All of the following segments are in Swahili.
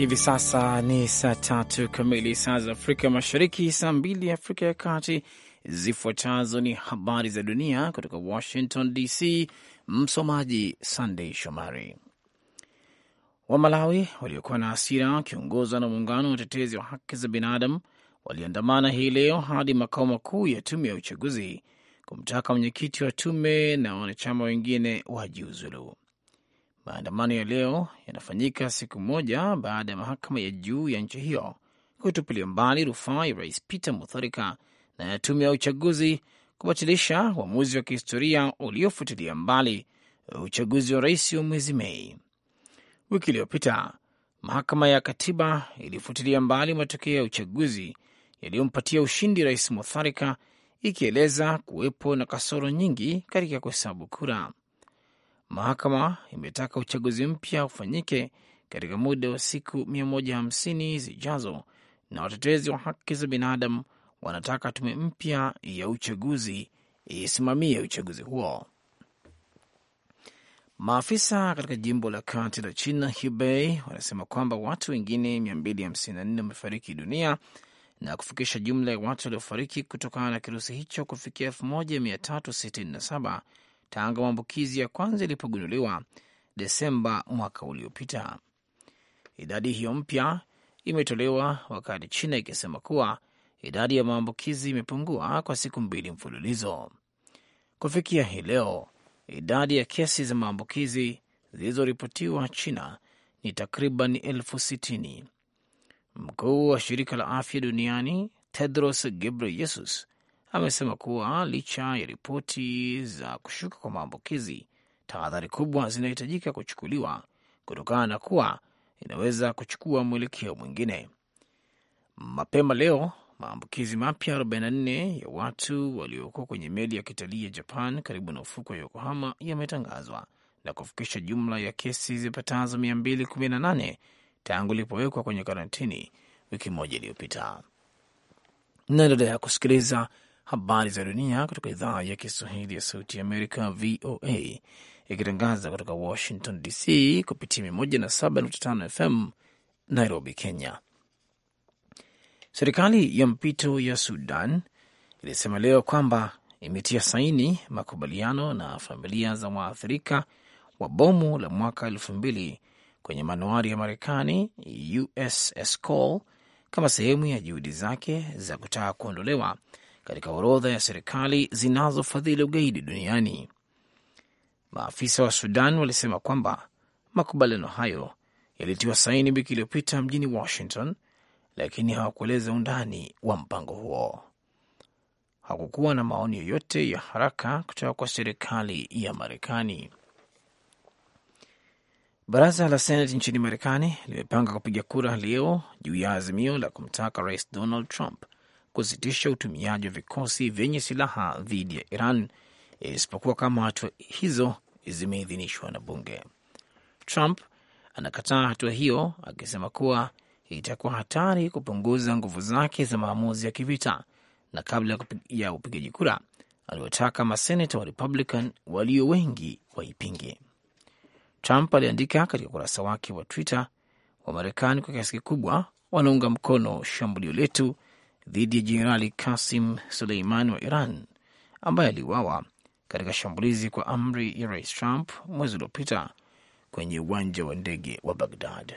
Hivi sasa ni saa tatu kamili saa za Afrika Mashariki, saa mbili Afrika ya Kati. Zifuatazo ni habari za dunia kutoka Washington DC. Msomaji Sandei Shomari. Wamalawi waliokuwa na asira wakiongozwa na muungano wa utetezi wa haki za binadamu waliandamana hii leo hadi makao makuu ya tume ya uchaguzi kumtaka mwenyekiti wa tume na wanachama wengine wajiuzulu. Maandamano ya leo yanafanyika siku moja baada ya mahakama ya juu ya nchi hiyo kutupilia mbali rufaa ya rais Peter Mutharika na ya tume ya uchaguzi kubatilisha uamuzi wa kihistoria uliofutilia mbali uchaguzi wa rais wa mwezi Mei. Wiki iliyopita mahakama ya katiba ilifutilia mbali matokeo ya uchaguzi yaliyompatia ushindi rais Mutharika, ikieleza kuwepo na kasoro nyingi katika kuhesabu kura. Mahakama imetaka uchaguzi mpya ufanyike katika muda wa siku 150 zijazo, na watetezi wa haki za binadamu wanataka tume mpya ya uchaguzi isimamie uchaguzi huo. Maafisa katika jimbo la kati la China Hubei wanasema kwamba watu wengine 254 wamefariki dunia na kufikisha jumla ya watu waliofariki kutokana na kirusi hicho kufikia 1367 tangu maambukizi ya kwanza ilipogunduliwa Desemba mwaka uliopita. Idadi hiyo mpya imetolewa wakati China ikisema kuwa idadi ya maambukizi imepungua kwa siku mbili mfululizo. Kufikia hii leo, idadi ya kesi za maambukizi zilizoripotiwa China ni takriban elfu sitini. Mkuu wa shirika la afya duniani Tedros Ghebreyesus amesema kuwa licha ya ripoti za kushuka kwa maambukizi, tahadhari kubwa zinahitajika kuchukuliwa kutokana na kuwa inaweza kuchukua mwelekeo mwingine. Mapema leo maambukizi mapya 44 ya watu waliokuwa kwenye meli ya kitalii ya Japan karibu na ufuko wa Yokohama yametangazwa na kufikisha jumla ya kesi zipatazo 218 tangu ilipowekwa kwenye karantini wiki moja iliyopita. Naendelea kusikiliza Habari za dunia kutoka idhaa ya Kiswahili ya Sauti ya Amerika, VOA, ikitangaza kutoka Washington DC kupitia 107.5 FM Nairobi, Kenya. Serikali ya mpito ya Sudan ilisema leo kwamba imetia saini makubaliano na familia za waathirika wa bomu la mwaka elfu mbili kwenye manuari ya Marekani USS Cole kama sehemu ya juhudi zake za kutaka kuondolewa katika orodha ya serikali zinazofadhili ugaidi duniani. Maafisa wa Sudan walisema kwamba makubaliano hayo yalitiwa saini wiki iliyopita mjini Washington, lakini hawakueleza undani wa mpango huo. Hakukuwa na maoni yoyote ya haraka kutoka kwa serikali ya Marekani. Baraza la Senati nchini Marekani limepanga kupiga kura leo juu ya azimio la kumtaka Rais Donald Trump kusitisha utumiaji wa vikosi vyenye silaha dhidi ya Iran isipokuwa kama hatua hizo zimeidhinishwa na bunge. Trump anakataa hatua hiyo akisema kuwa itakuwa hatari kupunguza nguvu zake za maamuzi ya kivita, na kabla ya upigaji kura aliotaka maseneta wa Republican walio wengi waipinge. Trump aliandika katika ukurasa wake wa Twitter, Wamarekani kwa kiasi kikubwa wanaunga mkono shambulio letu dhidi ya Jenerali Kasim Suleiman wa Iran ambaye aliuawa katika shambulizi kwa amri ya Rais Trump mwezi uliopita kwenye uwanja wa ndege wa Bagdad.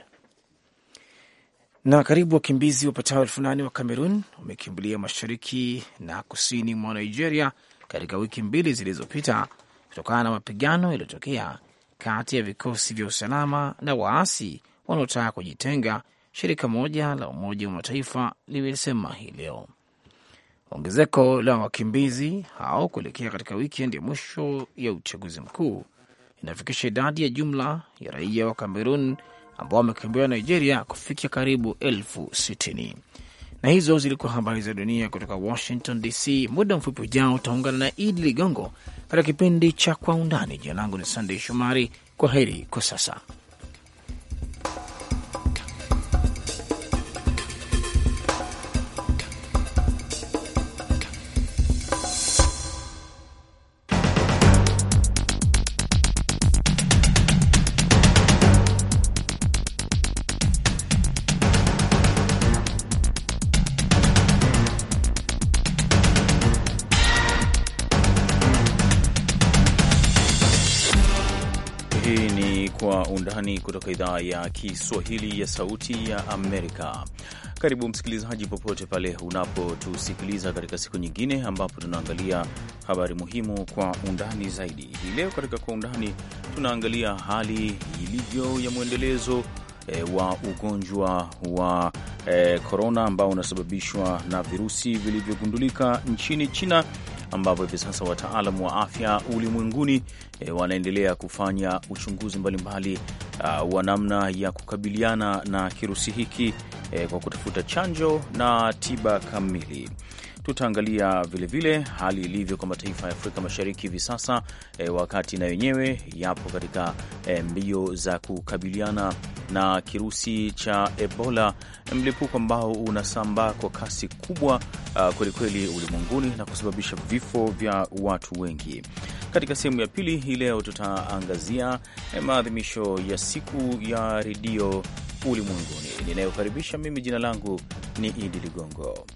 Na karibu wakimbizi wapatao elfu nane wa Kamerun wamekimbilia mashariki na kusini mwa Nigeria katika wiki mbili zilizopita kutokana na mapigano yaliyotokea kati ya vikosi vya usalama na waasi wanaotaka kujitenga shirika moja la Umoja wa Mataifa limesema hii leo. Ongezeko la wakimbizi hao kuelekea katika wikendi ya mwisho ya uchaguzi mkuu inafikisha idadi ya jumla ya raia wa Kamerun ambao wamekimbia Nigeria kufikia karibu elfu sitini. Na hizo zilikuwa habari za dunia kutoka Washington DC. Muda mfupi ujao utaungana na Idi Ligongo katika kipindi cha Kwa Undani. Jina langu ni Sandey Shomari. Kwa heri kwa sasa. idhaa ya Kiswahili ya Sauti ya Amerika. Karibu msikilizaji, popote pale unapotusikiliza katika siku nyingine ambapo tunaangalia habari muhimu kwa undani zaidi. Hii leo katika Kwa Undani tunaangalia hali ilivyo ya mwendelezo e, wa ugonjwa wa korona eh, e, ambao unasababishwa na virusi vilivyogundulika nchini China ambapo hivi sasa wataalamu wa afya ulimwenguni e, wanaendelea kufanya uchunguzi mbalimbali uh, wa namna ya kukabiliana na kirusi hiki eh, kwa kutafuta chanjo na tiba kamili. Tutaangalia vilevile hali ilivyo kwa mataifa ya Afrika Mashariki hivi sasa, e, wakati na yenyewe yapo katika e, mbio za kukabiliana na kirusi cha Ebola, mlipuko ambao unasambaa kwa kasi kubwa uh, kwelikweli ulimwenguni na kusababisha vifo vya watu wengi. Katika sehemu ya pili hii leo tutaangazia eh, maadhimisho ya siku ya redio ulimwenguni ninayokaribisha mimi. Jina langu ni Idi Ligongo.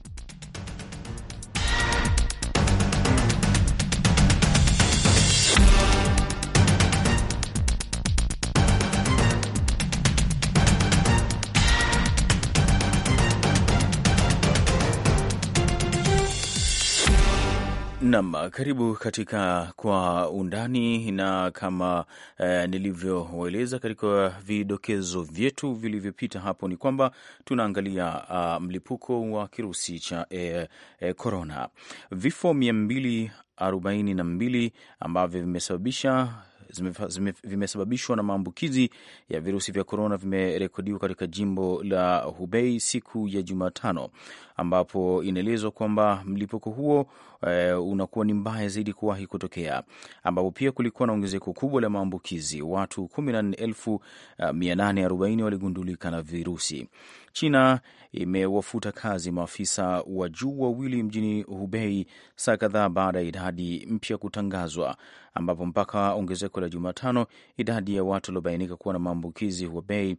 nam karibu katika Kwa Undani, na kama eh, nilivyoeleza katika vidokezo vyetu vilivyopita hapo ni kwamba tunaangalia uh, mlipuko wa kirusi cha korona eh, eh, vifo mia mbili mbili ambavyo vimesababisha vimesababishwa na maambukizi ya virusi vya korona vimerekodiwa katika jimbo la Hubei siku ya Jumatano, ambapo inaelezwa kwamba mlipuko huo e, unakuwa ni mbaya zaidi kuwahi kutokea, ambapo pia kulikuwa na ongezeko kubwa la maambukizi. Watu 14,840 eh, waligundulika na virusi. China imewafuta kazi maafisa wa juu wawili mjini Hubei saa kadhaa baada ya idadi mpya kutangazwa, ambapo mpaka ongezeko la Jumatano idadi ya watu waliobainika kuwa na maambukizi Hubei,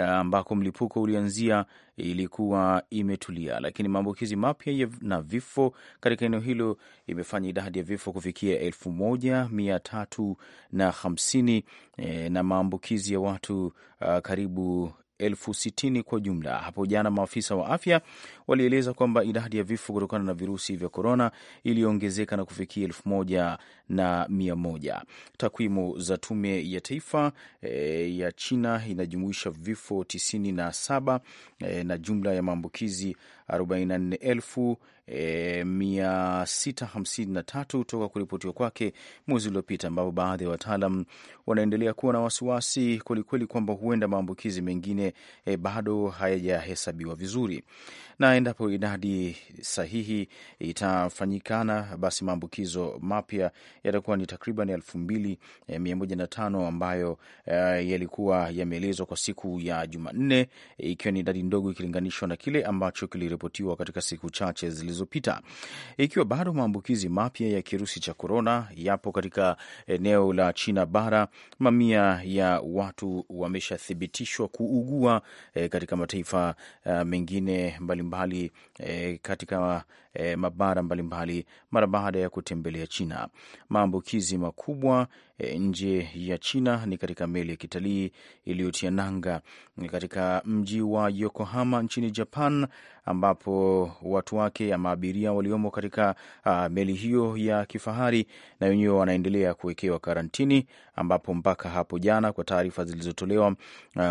ambako mlipuko ulianzia, ilikuwa imetulia, lakini maambukizi mapya na vifo katika eneo hilo imefanya idadi ya vifo kufikia elfu moja mia tatu na hamsini eh, na maambukizi ya watu ah, karibu elfu sitini kwa jumla. Hapo jana maafisa wa afya walieleza kwamba idadi ya vifo kutokana na virusi vya korona iliyoongezeka na kufikia elfu moja na mia moja. Takwimu za tume ya taifa e, ya China inajumuisha vifo tisini na saba e, na jumla ya maambukizi 44,653 eh, toka kuripotiwa kwake mwezi uliopita, ambapo baadhi ya wataalam wanaendelea kuwa na wasiwasi kwelikweli kwamba huenda maambukizi mengine e, bado hayajahesabiwa vizuri, na endapo idadi sahihi itafanyikana, basi maambukizo mapya yatakuwa ni takriban 2105 eh, ambayo e, yalikuwa yameelezwa kwa siku ya Jumanne, ikiwa e, ni idadi ndogo ikilinganishwa na kile ambacho kili yaliyoripotiwa katika siku chache zilizopita, ikiwa bado maambukizi mapya ya kirusi cha korona yapo katika eneo la China bara. Mamia ya watu wameshathibitishwa kuugua e, katika mataifa e, mengine mbalimbali e, katika e, mabara mbalimbali mara baada ya kutembelea China. Maambukizi makubwa E, nje ya China ni katika meli ya kitalii iliyotia nanga katika mji wa Yokohama nchini Japan, ambapo watu wake ama abiria waliomo katika a, meli hiyo ya kifahari na wenyewe wanaendelea kuwekewa karantini, ambapo mpaka hapo jana kwa taarifa zilizotolewa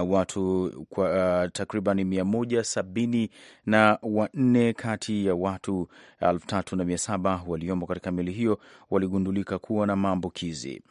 watu kwa, takriban mia moja sabini na wanne kati ya watu elfu tatu na mia saba waliomo katika meli hiyo waligundulika kuwa na maambukizi.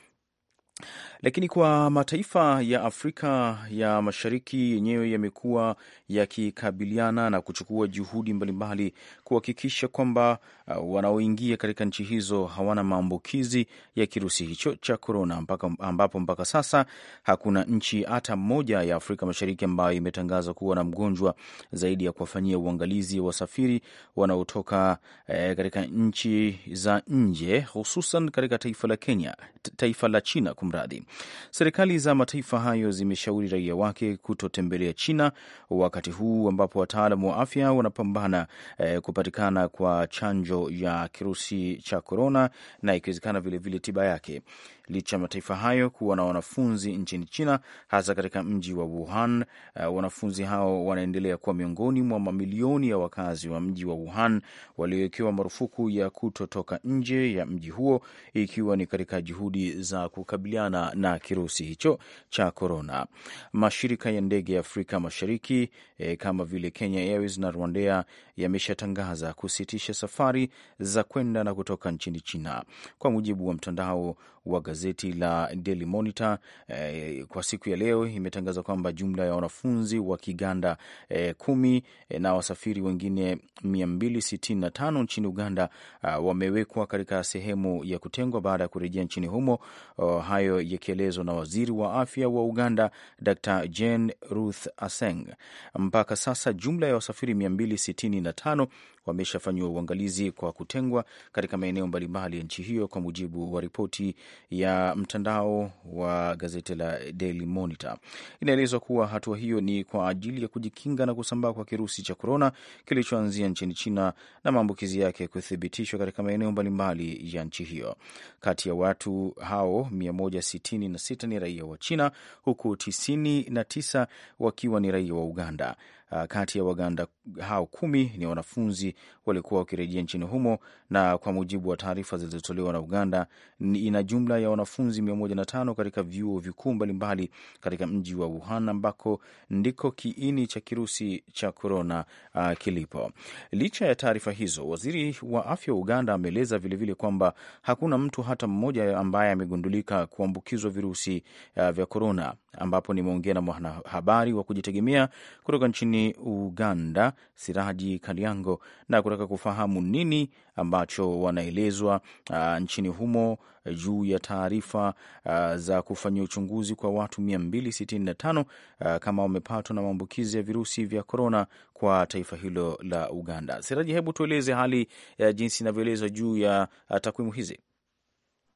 Lakini kwa mataifa ya Afrika ya Mashariki yenyewe yamekuwa yakikabiliana na kuchukua juhudi mbalimbali kuhakikisha kwamba uh, wanaoingia katika nchi hizo hawana maambukizi ya kirusi hicho cha korona, ambapo mpaka sasa hakuna nchi hata moja ya Afrika Mashariki ambayo imetangaza kuwa na mgonjwa zaidi ya kuwafanyia uangalizi wasafiri wanaotoka eh, katika nchi za nje, hususan katika taifa la Kenya, taifa la China kumradhi. Serikali za mataifa hayo zimeshauri raia wake kutotembelea China wakati huu ambapo wataalamu wa afya wanapambana eh, kupatikana kwa chanjo ya kirusi cha korona na ikiwezekana vilevile tiba yake licha ya mataifa hayo kuwa na wanafunzi nchini China, hasa katika mji wa Wuhan. Uh, wanafunzi hao wanaendelea kuwa miongoni mwa mamilioni ya wakazi wa mji wa Wuhan waliowekewa marufuku ya kutotoka nje ya mji huo, ikiwa ni katika juhudi za kukabiliana na kirusi hicho cha korona. Mashirika ya ndege ya Afrika Mashariki eh, kama vile Kenya Airways na Rwandea yameshatangaza kusitisha safari za kwenda na kutoka nchini China, kwa mujibu wa mtandao wa gazeti la Daily Monitor eh, kwa siku ya leo imetangaza kwamba jumla ya wanafunzi wa Kiganda eh, kumi eh, na wasafiri wengine 265 nchini Uganda uh, wamewekwa katika sehemu ya kutengwa baada ya kurejea nchini humo. Uh, hayo yakielezwa na waziri wa afya wa Uganda Dr. Jane Ruth Aseng. Mpaka sasa jumla ya wasafiri 265 wameshafanyiwa uangalizi kwa kutengwa katika maeneo mbalimbali ya nchi hiyo, kwa mujibu wa ripoti ya mtandao wa gazeti la Daily Monitor. Inaelezwa kuwa hatua hiyo ni kwa ajili ya kujikinga na kusambaa kwa kirusi cha korona kilichoanzia nchini China na maambukizi yake kuthibitishwa katika maeneo mbalimbali ya nchi hiyo. Kati ya watu hao 166 ni raia wa China huku 99 wakiwa ni raia wa Uganda. Uh, kati ya Waganda hao kumi ni wanafunzi waliokuwa wakirejea nchini humo, na kwa mujibu wa taarifa zilizotolewa na Uganda, ina jumla ya wanafunzi tano katika vyuo vikuu mbalimbali katika mji wa Wuhan ambako ndiko kiini cha kirusi cha korona uh, kilipo. Licha ya taarifa hizo, waziri wa afya wa Uganda ameeleza vilevile kwamba hakuna mtu hata mmoja ambaye amegundulika kuambukizwa virusi uh, vya korona, ambapo nimeongea na mwanahabari wa kujitegemea kutoka nchini nchini Uganda, Siraji Kaliango, na kutaka kufahamu nini ambacho wanaelezwa uh, nchini humo eh, juu ya taarifa uh, za kufanyia uchunguzi kwa watu 265 uh, ah, kama wamepatwa na maambukizi ya virusi vya korona kwa taifa hilo la Uganda. Siraji, hebu tueleze hali ya uh, jinsi inavyoelezwa juu ya uh, takwimu hizi.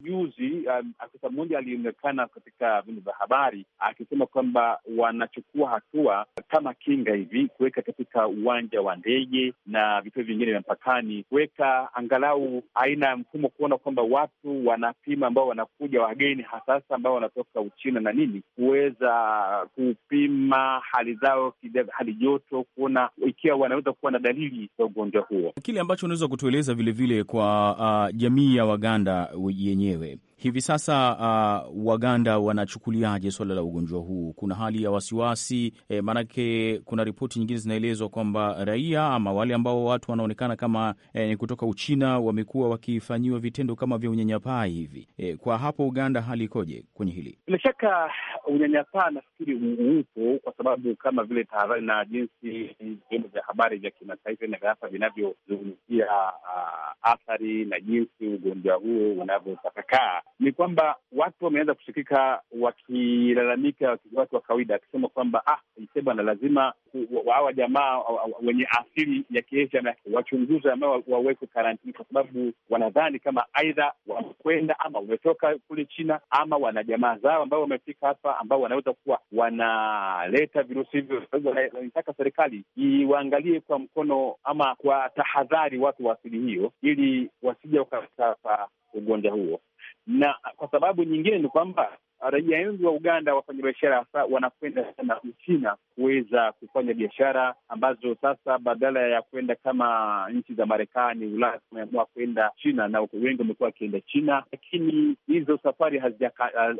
Juzi um, afisa mmoja alionekana katika vyombo vya habari akisema kwamba wanachukua hatua kama kinga hivi kuweka katika uwanja wa ndege na vituo vingine vya mpakani, kuweka angalau aina ya mfumo kuona kwamba watu wanapima ambao wanakuja wageni, hasasa ambao wanatoka Uchina na nini, kuweza kupima hali zao, hali joto, kuona ikiwa wanaweza kuwa na dalili za ugonjwa huo. Kile ambacho unaweza kutueleza vilevile kwa uh, jamii ya Waganda yenye wenyewe. Hivi sasa uh, Waganda wanachukuliaje swala la ugonjwa huu? Kuna hali ya wasiwasi e, eh, maanake kuna ripoti nyingine zinaelezwa kwamba raia ama wale ambao watu wanaonekana kama e, kutoka Uchina wamekuwa wakifanyiwa vitendo kama vya unyanyapaa hivi. E, kwa hapo Uganda hali ikoje kwenye hili? Bila shaka unyanyapaa nafikiri upo, kwa sababu kama vile tahadhari na jinsi vyombo vya habari vya kimataifa na vya hapa vinavyozungumzia uh, athari na jinsi ugonjwa huo unavyotapakaa ni kwamba watu wameanza kushikika wakilalamika, watu wa kawaida akisema kwamba ah, na lazima hawa jamaa wenye asili ya Kiasia na wachunguzi ambao wawekwe karantini, kwa sababu wanadhani kama aidha wamekwenda ama wametoka kule China ama wana jamaa zao ambao wamefika hapa ambao wanaweza kuwa wanaleta virusi hivyo. Wanaitaka serikali iwaangalie kwa mkono ama kwa tahadhari watu wa asili hiyo, ili wasija wakapata ugonjwa huo na kwa sababu nyingine ni kwamba raia wengi wa Uganda, wafanyabiashara hasa, wanakwenda sana Uchina kuweza kufanya biashara ambazo sasa badala ya kwenda kama nchi za Marekani, Ulaya, wameamua kwenda China na wengi wamekuwa wakienda China, lakini hizo safari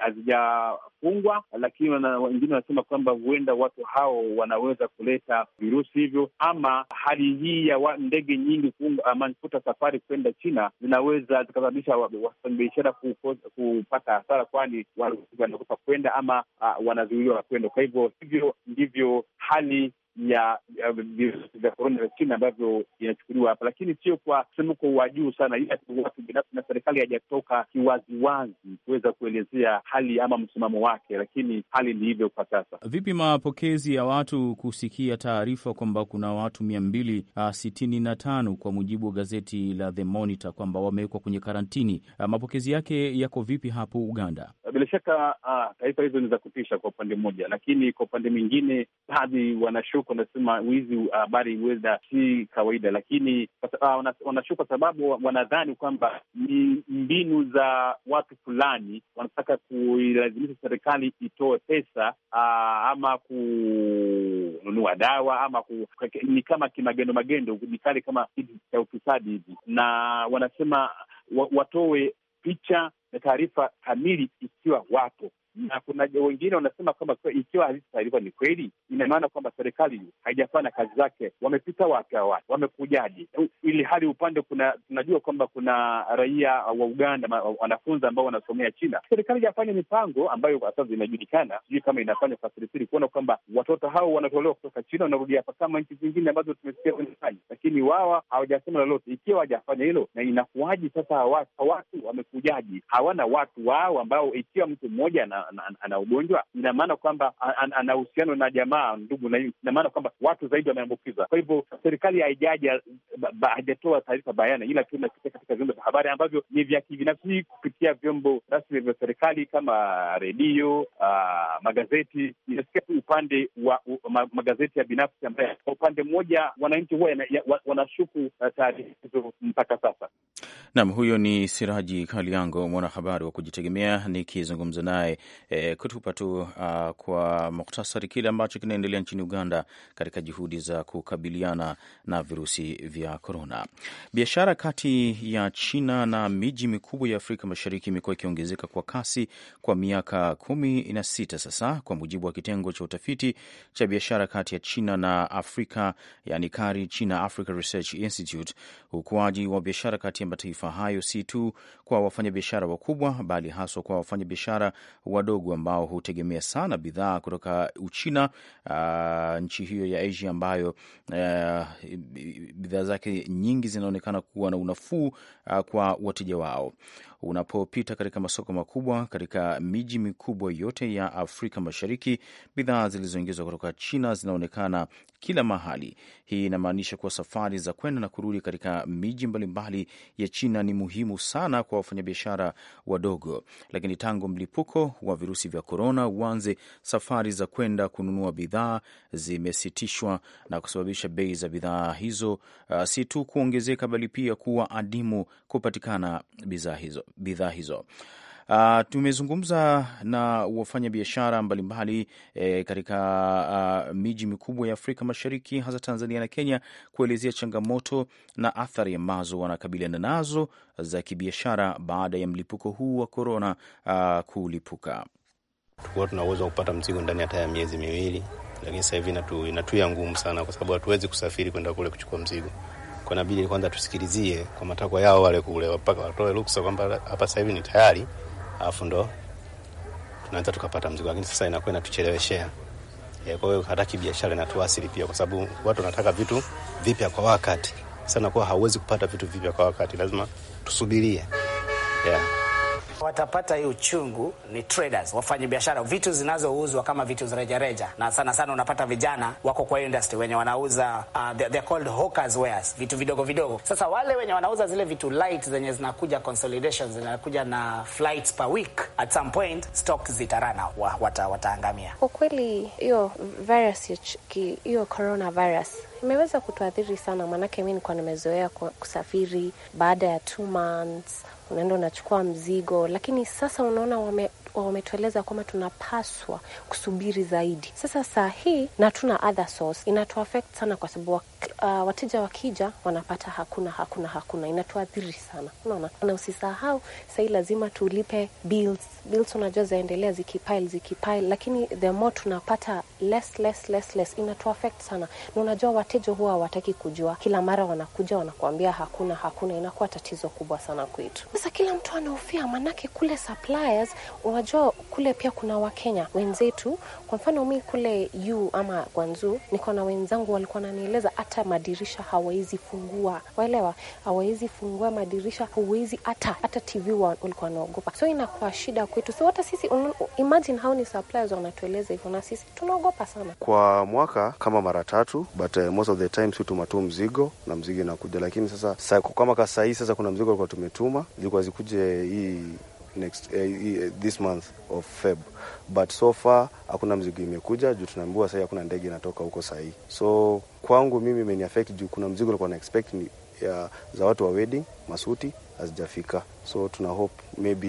hazijafungwa. Lakini wengine wanasema kwamba huenda watu hao wanaweza kuleta virusi hivyo, ama hali hii ya ndege nyingi kufuta safari kwenda China zinaweza zikasababisha wafanyabiashara kupata hasara, kwani wanaogopa kwenda ama uh, wanazuiliwa na kwenda. Kwa hivyo hivyo ndivyo hali ya virusi vya korona vya ukimwi ambavyo inachukuliwa hapa, lakini sio kwa msemko wa juu sana, ila watu binafsi na serikali hajatoka kiwaziwazi kuweza kuelezea hali ama msimamo wake, lakini hali ni hivyo kwa sasa. Vipi mapokezi ya watu kusikia taarifa kwamba kuna watu mia mbili ah, sitini na tano kwa mujibu wa gazeti la The Monitor kwamba wamewekwa kwenye karantini? Ah, mapokezi yake yako vipi hapo Uganda? Bila shaka ah, taarifa hizo ni za kutisha kwa upande mmoja, lakini kwa upande mwingine baadhi wanashuku wako wanasema wizi uh, habari uh, huenda si kawaida, lakini uh, wanashuka kwa sababu wanadhani kwamba ni mbinu za watu fulani, wanataka kuilazimisha serikali itoe pesa uh, ama kununua dawa ama ku, ni kama kimagendo magendo, ni kali kama kitu cha ufisadi hivi, na wanasema watoe picha na taarifa kamili ikiwa wapo na kuna wengine wanasema kwamba ikiwa hazitasailiwa ni kweli, ina maana kwamba serikali haijafanya kazi zake. Wamepita wapi hawa watu? Wamekujaje? ili hali upande kuna tunajua kwamba kuna raia wa Uganda, wanafunzi ambao wanasomea China. Serikali haijafanya mipango ambayo kwa sasa inajulikana, sijui kama inafanya kwa sirisiri, kuona kwamba watoto hao wanatolewa kutoka China wanarudi hapa kama nchi zingine ambazo tumesikia zinafanya, lakini wawa hawajasema lolote. Ikiwa hawajafanya hilo, na inakuwaji sasa? watu wamekujaji? Hawana watu wao ambao ikiwa mtu mmoja na ana ugonjwa, ina maana kwamba ana uhusiano na jamaa, ndugu na ina maana kwamba watu zaidi wameambukiza. Kwa hivyo serikali haijaja haijatoa taarifa bayana, ila tu inapitia katika vyombo vya habari ambavyo ni vya kibinafsi kupitia vyombo rasmi vya serikali kama redio, magazeti. Inasikia tu upande wa magazeti ya binafsi, ambaye kwa upande mmoja wananchi huwa wanashuku taarifa hizo mpaka sasa. Naam, huyo ni Siraji Kaliango, mwanahabari wa kujitegemea nikizungumza naye e, kutupa tu uh, kwa muktasari kile ambacho kinaendelea nchini Uganda katika juhudi za kukabiliana na virusi vya korona. Biashara kati ya China na miji mikubwa ya Afrika Mashariki imekuwa ikiongezeka kwa kasi kwa miaka kumi na sita sasa, kwa mujibu wa kitengo cha utafiti cha biashara kati ya China na Afrika, yani KARI, China Africa Research Institute. Ukuaji wa biashara kati ya mataifa hayo si tu kwa wafanyabiashara wakubwa, bali haswa kwa wafanyabiashara wa wadogo ambao hutegemea sana bidhaa kutoka Uchina, uh, nchi hiyo ya Asia ambayo uh, bidhaa zake nyingi zinaonekana kuwa na unafuu uh, kwa wateja wao. Unapopita katika masoko makubwa katika miji mikubwa yote ya Afrika Mashariki, bidhaa zilizoingizwa kutoka China zinaonekana kila mahali. Hii inamaanisha kuwa safari za kwenda na kurudi katika miji mbalimbali ya China ni muhimu sana kwa wafanyabiashara wadogo. Lakini tangu mlipuko wa virusi vya korona uanze, safari za kwenda kununua bidhaa zimesitishwa na kusababisha bei za bidhaa hizo uh, si tu kuongezeka bali pia kuwa adimu kupatikana bidhaa hizo bidhaa hizo. Uh, tumezungumza na wafanyabiashara mbalimbali e, katika uh, miji mikubwa ya Afrika Mashariki hasa Tanzania na Kenya kuelezea changamoto na athari ambazo wanakabiliana nazo za kibiashara baada ya mlipuko huu wa korona uh, ah, kulipuka. tukuwa tuna uwezo wa kupata mzigo ndani hata ya miezi miwili, lakini sasa hivi inatuya ngumu sana, kwa sababu hatuwezi kusafiri kwenda kule kuchukua mzigo kwa nabidi kwanza tusikilizie kwa matakwa yao wale kule mpaka watoe ruksa kwamba hapa sasa hivi ni tayari, alafu ndo tunaweza tukapata mzigo, lakini sasa inakuwa inatucheleweshea. Eh, kwa hiyo hata kibiashara inatuasiri pia, kwa sababu watu wanataka vitu vipya kwa wakati Sasa nakuwa hauwezi kupata vitu vipya kwa wakati, lazima tusubirie yeah watapata hii uchungu ni traders, wafanya biashara, vitu zinazouzwa kama vitu rejareja, na sana sana unapata vijana wako kwa industry wenye wanauza uh, they called hawkers wares, vitu vidogo vidogo. Sasa wale wenye wanauza zile vitu light zenye zinakuja consolidations, zinakuja na flights per week, at some point stock zitarana, wa, wata, wataangamia kwa kweli. Hiyo virus hiyo coronavirus imeweza kutuathiri sana, maanake mi nilikuwa nimezoea kusafiri baada ya two months unaenda unachukua mzigo, lakini sasa unaona wame wametueleza kwamba tunapaswa kusubiri zaidi. Sasa saa hii na tuna other source, inatuaffect sana kwa sababu uh, wateja wakija wanapata hakuna hakuna hakuna, inatuathiri sana, unaona. Na usisahau sahi, lazima tulipe bills. Bills unajua zaendelea zikipile zikipile, lakini the more tunapata less less less less, inatuaffect sana, na unajua wateja huwa hawataki kujua, kila mara wanakuja wanakuambia hakuna hakuna, inakuwa tatizo kubwa sana kwetu. Sasa kila mtu anahofia, manake kule suppliers, unajua kule pia kuna Wakenya wenzetu. Kwa mfano mi kule yu ama Gwanzu niko na wenzangu walikuwa wananieleza hata madirisha hawawezi fungua, waelewa, hawawezi fungua madirisha, huwezi hata hata TV walikuwa wanaogopa, so inakuwa shida kwetu. So hata sisi un, imagine how ni suppliers wanatueleza hivyo, na sisi tunaogopa sana. Kwa mwaka kama mara tatu, but uh, most of the time si tumatu mzigo na mzigo inakuja, lakini sasa sa, kama ka hii sasa kuna mzigo alikuwa tumetuma zilikuwa zikuje hii next uh, this month of Feb, but so far hakuna mzigo imekuja juu tunaambiwa sahii hakuna ndege inatoka huko sahii. So kwangu mimi affect juu kuna mzigo nilikuwa na expect ni ya, za watu wa wedding masuti hazijafika, so tuna hope maybe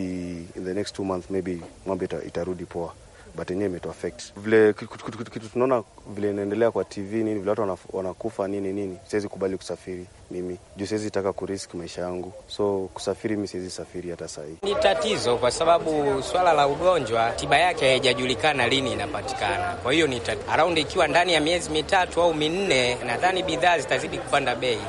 in the next two months maybe mambo itarudi poa but yenyewe imetuaffect vile kitu tunaona vile inaendelea kwa TV nini, vile watu wanakufa nini nini. Siwezi kubali kusafiri mimi juu siwezi taka kurisk maisha yangu, so kusafiri mi siwezi safiri hata sahii. Ni tatizo kwa sababu swala la ugonjwa tiba yake haijajulikana lini inapatikana, kwa hiyo ni around, ikiwa ndani ya miezi mitatu au minne, nadhani bidhaa zitazidi kupanda bei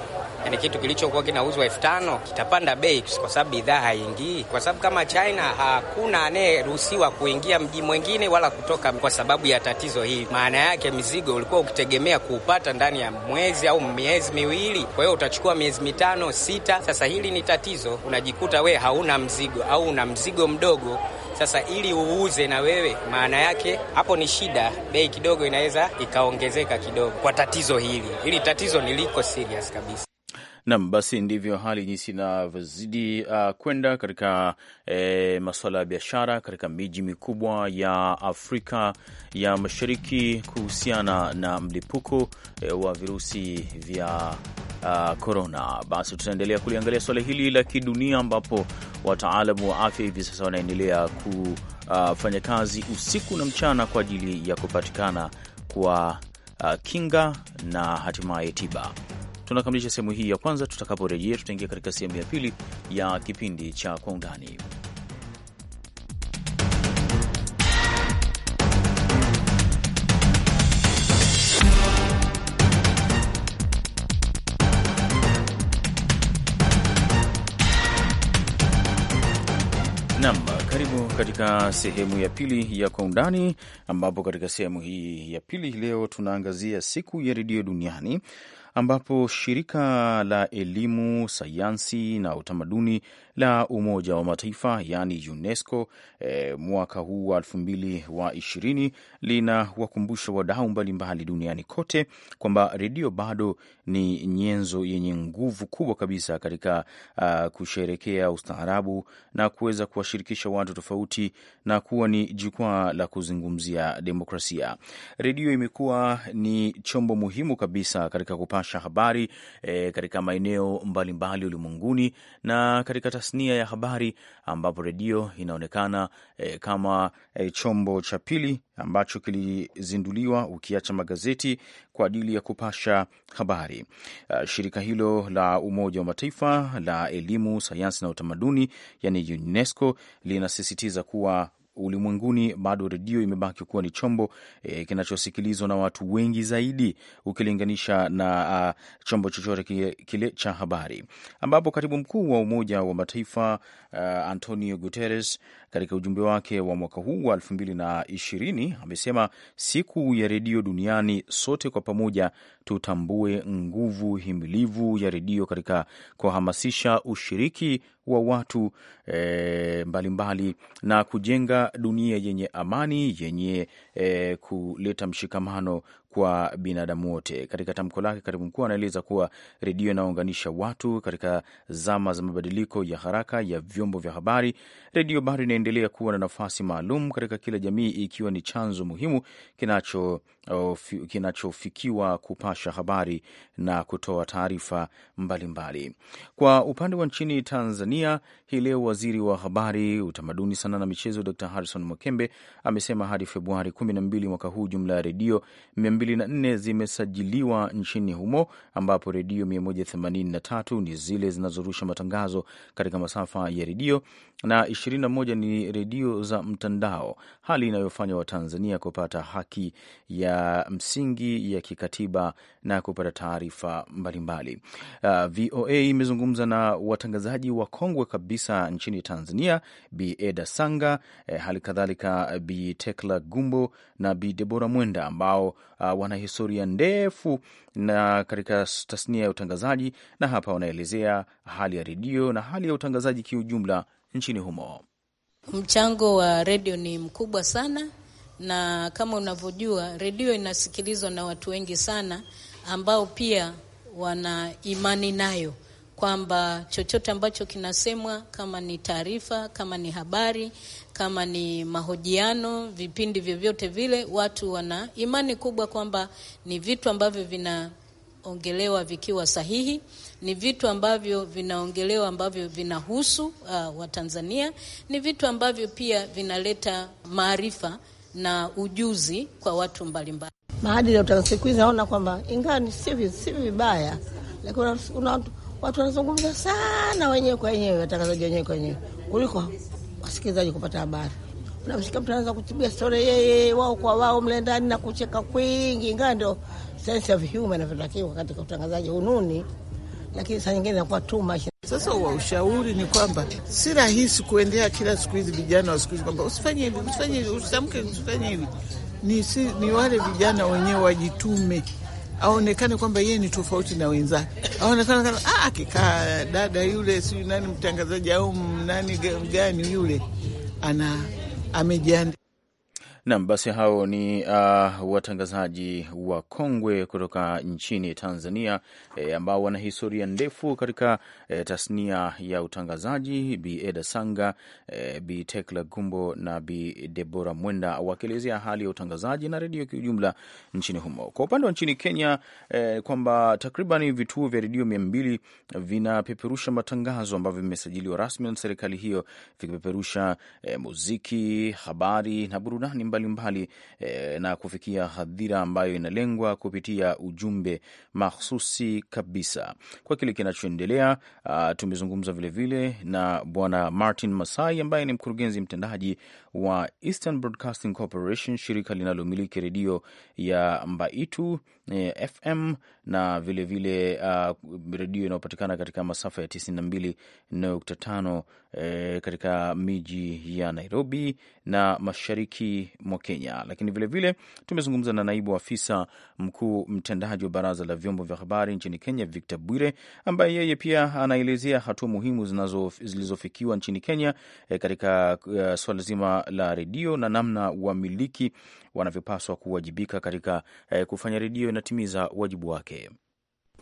yani kitu kilichokuwa kinauzwa elfu tano kitapanda bei kwa sababu bidhaa haingii, kwa sababu kama China hakuna anayeruhusiwa kuingia mji mwingine wala kutoka kwa sababu ya tatizo hili. Maana yake mizigo ulikuwa ukitegemea kuupata ndani ya mwezi au miezi miwili, kwa hiyo utachukua miezi mitano sita. Sasa hili ni tatizo, unajikuta we hauna mzigo au una mzigo mdogo. Sasa ili uuze na wewe, maana yake hapo ni shida, bei kidogo inaweza ikaongezeka kidogo kwa tatizo hili. Hili tatizo niliko serious kabisa. Nam, basi ndivyo hali jinsi inavyozidi uh, kwenda katika e, masuala ya biashara katika miji mikubwa ya Afrika ya Mashariki kuhusiana na mlipuko e, wa virusi vya korona. Uh, basi tutaendelea kuliangalia suala hili la kidunia ambapo wataalamu wa afya hivi sasa wanaendelea kufanya uh, kazi usiku na mchana kwa ajili ya kupatikana kwa uh, kinga na hatimaye tiba tunakamilisha sehemu hii ya kwanza. Tutakaporejea tutaingia katika sehemu ya pili ya kipindi cha Kwa Undani. Karibu katika sehemu ya pili ya kwa undani, ambapo katika sehemu hii ya pili leo tunaangazia siku ya redio duniani ambapo shirika la elimu, sayansi na utamaduni la Umoja wa Mataifa yaani UNESCO e, mwaka huu wa elfu mbili wa ishirini lina wakumbusha wadau mbalimbali duniani kote kwamba redio bado ni nyenzo yenye nguvu kubwa kabisa katika uh, kusherekea ustaarabu na kuweza kuwashirikisha watu tofauti na kuwa ni jukwaa la kuzungumzia demokrasia. Redio imekuwa ni chombo muhimu kabisa katika kupasha habari e, katika maeneo mbalimbali ulimwenguni na katika tasnia ya habari, ambapo redio inaonekana e, kama e, chombo cha pili ambacho kilizinduliwa ukiacha magazeti kwa ajili ya kupasha habari. Uh, shirika hilo la Umoja wa Mataifa la elimu, sayansi na utamaduni, yani UNESCO linasisitiza kuwa ulimwenguni bado redio imebaki kuwa ni chombo e, kinachosikilizwa na watu wengi zaidi ukilinganisha na a, chombo chochote kile cha habari, ambapo katibu mkuu wa Umoja wa Mataifa uh, Antonio Guterres katika ujumbe wake wa mwaka huu wa elfu mbili na ishirini amesema siku ya redio duniani, sote kwa pamoja tutambue nguvu himilivu ya redio katika kuhamasisha ushiriki wa watu eh, mbalimbali e, mbali, na kujenga dunia yenye amani yenye e, kuleta mshikamano kwa binadamu wote. Katika tamko lake, katibu mkuu anaeleza kuwa redio inaunganisha watu katika zama za mabadiliko ya haraka ya vyombo vya habari. Redio bado inaendelea kuwa na nafasi maalum katika kila jamii, ikiwa ni chanzo muhimu kinachofikiwa kinacho kupasha habari na kutoa taarifa mbalimbali. Kwa upande wa nchini Tanzania hii leo, waziri wa habari, utamaduni, sanaa na michezo Dr Harrison Mwakembe amesema hadi Februari 12 mwaka huu jumla ya redio 204 zimesajiliwa nchini humo, ambapo redio 183 ni zile zinazorusha matangazo katika masafa ya redio na 21 ni redio za mtandao, hali inayofanya Watanzania kupata haki ya msingi ya kikatiba na kupata taarifa mbalimbali. Uh, VOA imezungumza na watangazaji wa kongwe kabisa nchini Tanzania, Bi Eda Sanga, eh, hali kadhalika eh, Bi Tekla Gumbo na Bi Debora Mwenda ambao uh, wana historia ndefu na katika tasnia ya utangazaji, na hapa wanaelezea hali ya redio na hali ya utangazaji kiujumla nchini humo. Mchango wa redio ni mkubwa sana, na kama unavyojua redio inasikilizwa na watu wengi sana ambao pia wana imani nayo kwamba chochote ambacho kinasemwa, kama ni taarifa, kama ni habari, kama ni mahojiano, vipindi vyovyote vile, watu wana imani kubwa kwamba ni vitu ambavyo vinaongelewa vikiwa sahihi, ni vitu ambavyo vinaongelewa ambavyo vinahusu uh, Watanzania, ni vitu ambavyo pia vinaleta maarifa na ujuzi kwa watu mbalimbali. Maadili ya utawala siku hizi naona kwamba ingawa ni si vibaya, lakini watu wanazungumza sana wenyewe kwa wenyewe, watangazaji wenyewe kwa wenyewe kuliko wasikilizaji kupata habari. Unamsikia mtu anaweza kutibia stori yeye wao kwa wao mle ndani na kucheka kwingi, ingawa ndio sense of humor inavyotakiwa katika utangazaji hununi, lakini saa nyingine inakuwa too much. Sasa wa ushauri ni kwamba si rahisi kuendea kila siku hizi vijana wa siku hizi kwamba usifanye hivi, usifanye hivi, usitamke, usifanye hivi. Ni, si, ni wale vijana wenyewe wajitume aonekane kwamba yeye ni tofauti na wenzake, aonekane kama ah, akikaa dada yule, siu nani mtangazaji au nani gani yule ana amejiandaa Nam, basi hao ni uh, watangazaji wa kongwe kutoka nchini Tanzania e, ambao wana historia ndefu katika e, tasnia ya utangazaji. Bi Eda Sanga e, Bi Tekla Gumbo na Bi Debora Mwenda wakielezea hali ya utangazaji na redio kiujumla nchini humo. Kwa upande wa nchini Kenya e, kwamba takriban vituo vya redio mia mbili vinapeperusha matangazo ambavyo vimesajiliwa rasmi na serikali hiyo vikipeperusha e, muziki, habari na burudani mbalimbali e, na kufikia hadhira ambayo inalengwa kupitia ujumbe mahsusi kabisa kwa kile kinachoendelea. Ah, tumezungumza vilevile na Bwana Martin Masai ambaye ni mkurugenzi mtendaji wa Eastern Broadcasting Corporation, shirika linalomiliki redio ya Mbaitu FM na vilevile uh, redio inayopatikana katika masafa ya 92.5 eh, katika miji ya Nairobi na mashariki mwa Kenya. Lakini vilevile tumezungumza na naibu afisa mkuu mtendaji wa baraza la vyombo vya habari nchini Kenya, Victor Bwire, ambaye yeye pia anaelezea hatua muhimu zilizofikiwa nchini Kenya eh, katika uh, swala zima la redio na namna wamiliki wanavyopaswa kuwajibika katika eh, kufanya redio inatimiza wajibu wake.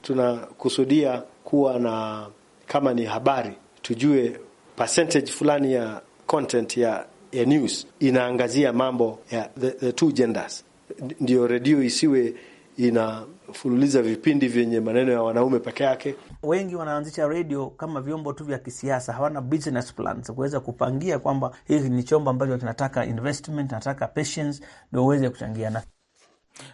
Tunakusudia kuwa na kama ni habari, tujue percentage fulani ya content ya, ya news inaangazia mambo ya the, the two genders, ndiyo redio isiwe inafululiza vipindi vyenye maneno ya wanaume peke yake. Wengi wanaanzisha redio kama vyombo tu vya kisiasa, hawana business plans kuweza kupangia kwamba hiki ni chombo ambacho kinataka investment, nataka patience, ndo uweze kuchangiana.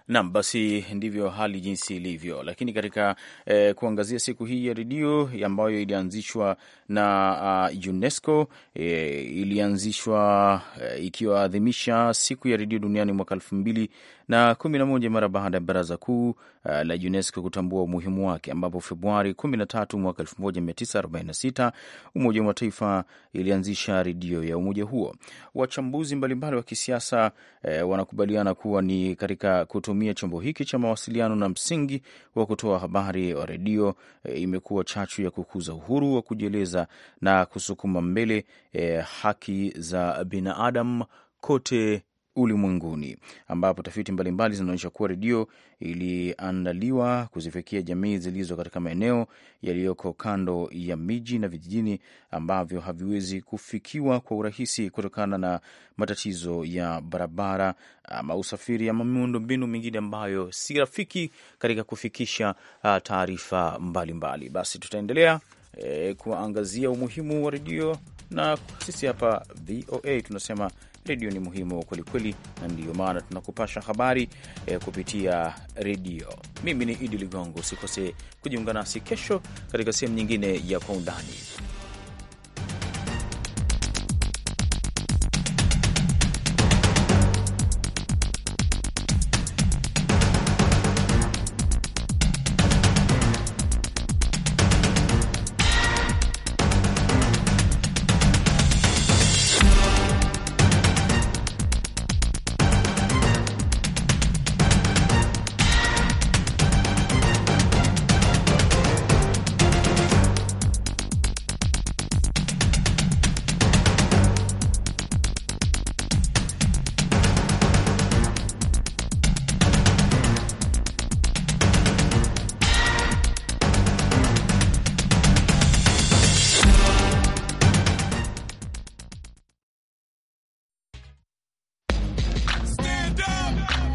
Nam, basi ndivyo hali jinsi ilivyo. Lakini katika eh, kuangazia siku hii ya redio ambayo ilianzishwa na uh, UNESCO eh, ilianzishwa eh, ikiwaadhimisha siku ya redio duniani mwaka elfu mbili na kumi na moja mara baada ya baraza kuu uh, la UNESCO kutambua umuhimu wake, ambapo Februari 13 mwaka Umoja wa Mataifa ilianzisha redio ya umoja huo. Wachambuzi mbalimbali wa kisiasa eh, wanakubaliana kuwa ni katika kutumia chombo hiki cha mawasiliano na msingi wa kutoa habari wa redio eh, imekuwa chachu ya kukuza uhuru wa kujieleza na kusukuma mbele eh, haki za binadamu kote ulimwenguni, ambapo tafiti mbalimbali zinaonyesha kuwa redio iliandaliwa kuzifikia jamii zilizo katika maeneo yaliyoko kando ya miji na vijijini ambavyo haviwezi kufikiwa kwa urahisi kutokana na matatizo ya barabara ama usafiri ama miundombinu mingine ambayo si rafiki katika kufikisha ah, taarifa mbalimbali. Basi tutaendelea e, kuangazia umuhimu wa redio na sisi hapa VOA tunasema redio ni muhimu kwelikweli, na ndiyo maana tunakupasha habari e, kupitia redio. Mimi ni Idi Ligongo, usikose kujiunga nasi kesho katika sehemu nyingine ya Kwa Undani.